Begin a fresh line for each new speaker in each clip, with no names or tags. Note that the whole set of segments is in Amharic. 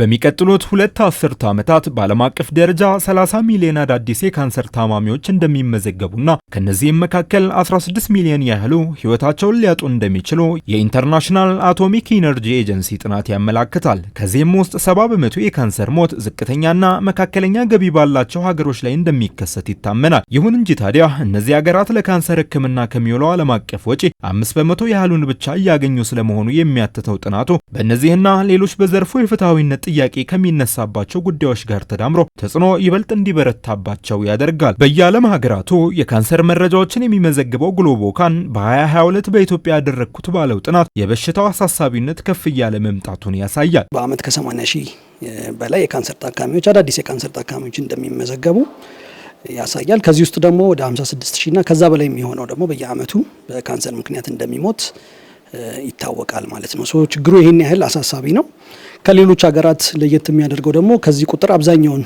በሚቀጥሉት ሁለት አስርተ ዓመታት በዓለም አቀፍ ደረጃ 30 ሚሊዮን አዳዲስ የካንሰር ታማሚዎች እንደሚመዘገቡና ከእነዚህም መካከል 16 ሚሊዮን ያህሉ ሕይወታቸውን ሊያጡ እንደሚችሉ የኢንተርናሽናል አቶሚክ ኢነርጂ ኤጀንሲ ጥናት ያመላክታል። ከዚህም ውስጥ 70 በመቶ የካንሰር ሞት ዝቅተኛና መካከለኛ ገቢ ባላቸው ሀገሮች ላይ እንደሚከሰት ይታመናል። ይሁን እንጂ ታዲያ እነዚህ ሀገራት ለካንሰር ሕክምና ከሚውለው ዓለም አቀፍ ወጪ አምስት በመቶ ያህሉን ብቻ እያገኙ ስለመሆኑ የሚያትተው ጥናቱ በእነዚህና ሌሎች በዘርፉ የፍትሐዊነት ጥያቄ ከሚነሳባቸው ጉዳዮች ጋር ተዳምሮ ተጽዕኖ ይበልጥ እንዲበረታባቸው ያደርጋል። በየዓለም ሀገራቱ የካንሰር መረጃዎችን የሚመዘግበው ግሎቦካን በ2022 በኢትዮጵያ ያደረግኩት ባለው ጥናት የበሽታው አሳሳቢነት ከፍ እያለ መምጣቱን ያሳያል።
በአመት ከ80 ሺህ በላይ የካንሰር ታካሚዎች አዳዲስ የካንሰር ታካሚዎች እንደሚመዘገቡ ያሳያል። ከዚህ ውስጥ ደግሞ ወደ 56 ሺህ እና ከዛ በላይ የሚሆነው ደግሞ በየዓመቱ በካንሰር ምክንያት እንደሚሞት ይታወቃል ማለት ነው። ችግሩ ይህን ያህል አሳሳቢ ነው። ከሌሎች ሀገራት ለየት የሚያደርገው ደግሞ ከዚህ ቁጥር አብዛኛውን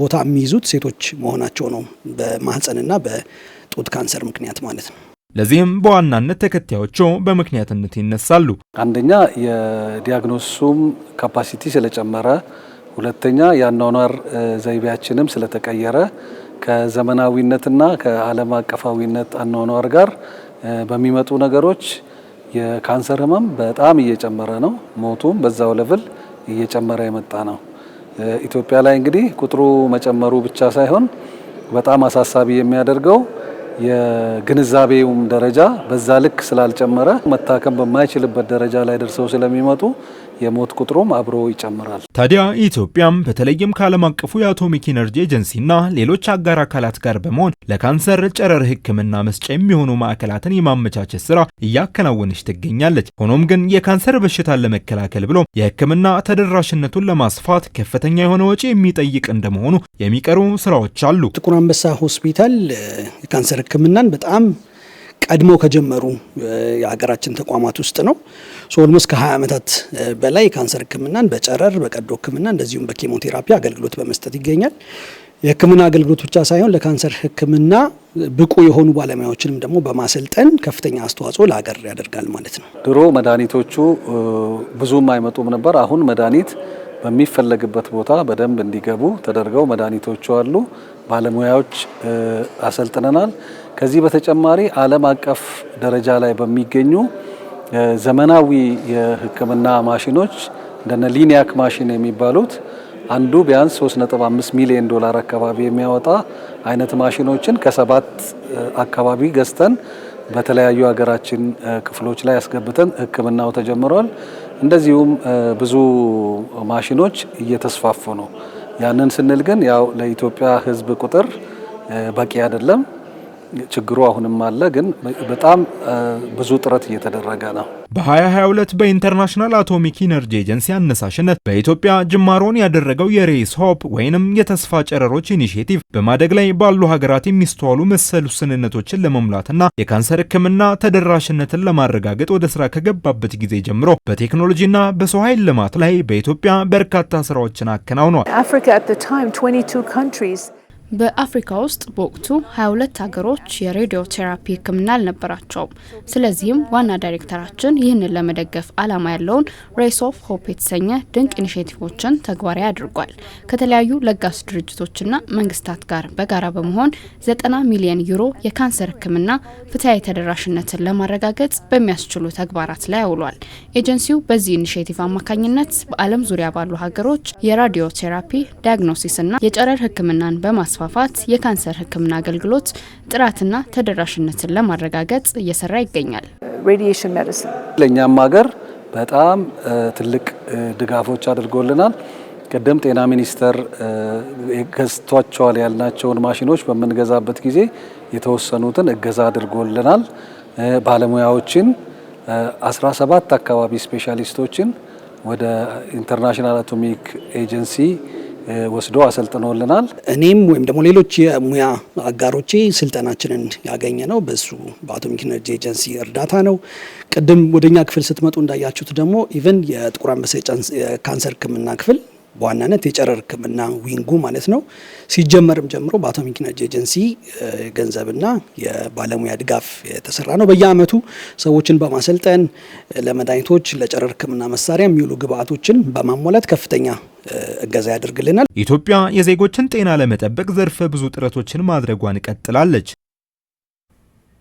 ቦታ የሚይዙት ሴቶች መሆናቸው ነው፣ በማህፀንና በጡት ካንሰር ምክንያት ማለት ነው።
ለዚህም በዋናነት ተከታዮቹ በምክንያትነት ይነሳሉ።
አንደኛ የዲያግኖሱም ካፓሲቲ ስለጨመረ፣ ሁለተኛ የአኗኗር ዘይቤያችንም ስለተቀየረ ከዘመናዊነትና ከዓለም አቀፋዊነት አኗኗር ጋር በሚመጡ ነገሮች የካንሰር ህመም በጣም እየጨመረ ነው። ሞቱም በዛው ለብል እየጨመረ የመጣ ነው። ኢትዮጵያ ላይ እንግዲህ ቁጥሩ መጨመሩ ብቻ ሳይሆን በጣም አሳሳቢ የሚያደርገው የግንዛቤውም ደረጃ በዛ ልክ ስላልጨመረ መታከም በማይችልበት ደረጃ ላይ ደርሰው ስለሚመጡ የሞት ቁጥሩም አብሮ ይጨምራል።
ታዲያ ኢትዮጵያም በተለይም ከዓለም አቀፉ የአቶሚክ ኢነርጂ ኤጀንሲና ሌሎች አጋር አካላት ጋር በመሆን ለካንሰር ጨረር ሕክምና መስጫ የሚሆኑ ማዕከላትን የማመቻቸት ስራ እያከናወነች ትገኛለች። ሆኖም ግን የካንሰር በሽታን ለመከላከል ብሎ የሕክምና ተደራሽነቱን ለማስፋት ከፍተኛ የሆነ ወጪ የሚጠይቅ እንደመሆኑ የሚቀሩ ስራዎች አሉ።
ጥቁር አንበሳ ሆስፒታል የካንሰር ሕክምናን በጣም ቀድሞ ከጀመሩ የሀገራችን ተቋማት ውስጥ ነው። ኦልሞስት ከ20 ዓመታት በላይ የካንሰር ህክምናን በጨረር በቀዶ ህክምና እንደዚሁም በኬሞቴራፒ አገልግሎት በመስጠት ይገኛል። የህክምና አገልግሎት ብቻ ሳይሆን ለካንሰር ህክምና ብቁ የሆኑ ባለሙያዎችንም ደግሞ በማሰልጠን ከፍተኛ አስተዋጽኦ ለሀገር ያደርጋል ማለት ነው።
ድሮ መድኃኒቶቹ ብዙም አይመጡም ነበር። አሁን መድኃኒት በሚፈለግበት ቦታ በደንብ እንዲገቡ ተደርገው መድኃኒቶቹ አሉ። ባለሙያዎች አሰልጥነናል። ከዚህ በተጨማሪ ዓለም አቀፍ ደረጃ ላይ በሚገኙ ዘመናዊ የሕክምና ማሽኖች እንደነ ሊኒያክ ማሽን የሚባሉት አንዱ ቢያንስ 3.5 ሚሊዮን ዶላር አካባቢ የሚያወጣ አይነት ማሽኖችን ከሰባት አካባቢ ገዝተን በተለያዩ ሀገራችን ክፍሎች ላይ ያስገብተን ህክምናው ተጀምሯል። እንደዚሁም ብዙ ማሽኖች እየተስፋፉ ነው። ያንን ስንል ግን ያው ለኢትዮጵያ ህዝብ ቁጥር በቂ አይደለም። ችግሩ አሁንም አለ፣ ግን በጣም ብዙ ጥረት እየተደረገ ነው።
በ2022 በኢንተርናሽናል አቶሚክ ኢነርጂ ኤጀንሲ አነሳሽነት በኢትዮጵያ ጅማሮን ያደረገው የሬስ ሆፕ ወይንም የተስፋ ጨረሮች ኢኒሽቲቭ በማደግ ላይ ባሉ ሀገራት የሚስተዋሉ መሰል ውስንነቶችን ለመሙላትና የካንሰር ሕክምና ተደራሽነትን ለማረጋገጥ ወደ ስራ ከገባበት ጊዜ ጀምሮ በቴክኖሎጂና በሰው ኃይል ልማት ላይ በኢትዮጵያ በርካታ ስራዎችን አከናውኗል።
በአፍሪካ ውስጥ በወቅቱ 22 ሀገሮች የሬዲዮ ቴራፒ ሕክምና አልነበራቸውም። ስለዚህም ዋና ዳይሬክተራችን ይህንን ለመደገፍ ዓላማ ያለውን ሬስ ኦፍ ሆፕ የተሰኘ ድንቅ ኢኒሽቲቮችን ተግባራዊ አድርጓል። ከተለያዩ ለጋስ ድርጅቶችና መንግስታት ጋር በጋራ በመሆን 90 ሚሊዮን ዩሮ የካንሰር ሕክምና ፍትሐዊ ተደራሽነትን ለማረጋገጥ በሚያስችሉ ተግባራት ላይ አውሏል። ኤጀንሲው በዚህ ኢኒሽቲቭ አማካኝነት በዓለም ዙሪያ ባሉ ሀገሮች የራዲዮ ቴራፒ ዳያግኖሲስና የጨረር ሕክምናን በማስ በማስፋፋት የካንሰር ሕክምና አገልግሎት ጥራትና ተደራሽነትን ለማረጋገጥ እየሰራ ይገኛል።
ሬዲዬሽን ሜዲሲን
ለእኛም ሀገር በጣም ትልቅ ድጋፎች አድርጎልናል። ቅድም ጤና ሚኒስቴር ገዝቷቸዋል ያልናቸውን ማሽኖች በምንገዛበት ጊዜ የተወሰኑትን እገዛ አድርጎልናል። ባለሙያዎችን 17 አካባቢ ስፔሻሊስቶችን ወደ ኢንተርናሽናል አቶሚክ ኤጀንሲ ወስዶ አሰልጥኖልናል።
እኔም ወይም ደግሞ ሌሎች የሙያ አጋሮቼ ስልጠናችንን ያገኘ ነው በሱ በአቶሚክ ኤነርጂ ኤጀንሲ እርዳታ ነው። ቅድም ወደኛ ክፍል ስትመጡ እንዳያችሁት ደግሞ ኢቨን የጥቁር አንበሳ ካንሰር ሕክምና ክፍል በዋናነት የጨረር ህክምና ዊንጉ ማለት ነው። ሲጀመርም ጀምሮ በአቶሚክ ኢነርጂ ኤጀንሲ ገንዘብና የባለሙያ ድጋፍ የተሰራ ነው። በየአመቱ ሰዎችን በማሰልጠን ለመድኃኒቶች፣ ለጨረር ህክምና መሳሪያ የሚውሉ ግብአቶችን በማሟላት ከፍተኛ እገዛ ያደርግልናል።
ኢትዮጵያ የዜጎችን ጤና ለመጠበቅ ዘርፈ ብዙ ጥረቶችን ማድረጓን ቀጥላለች።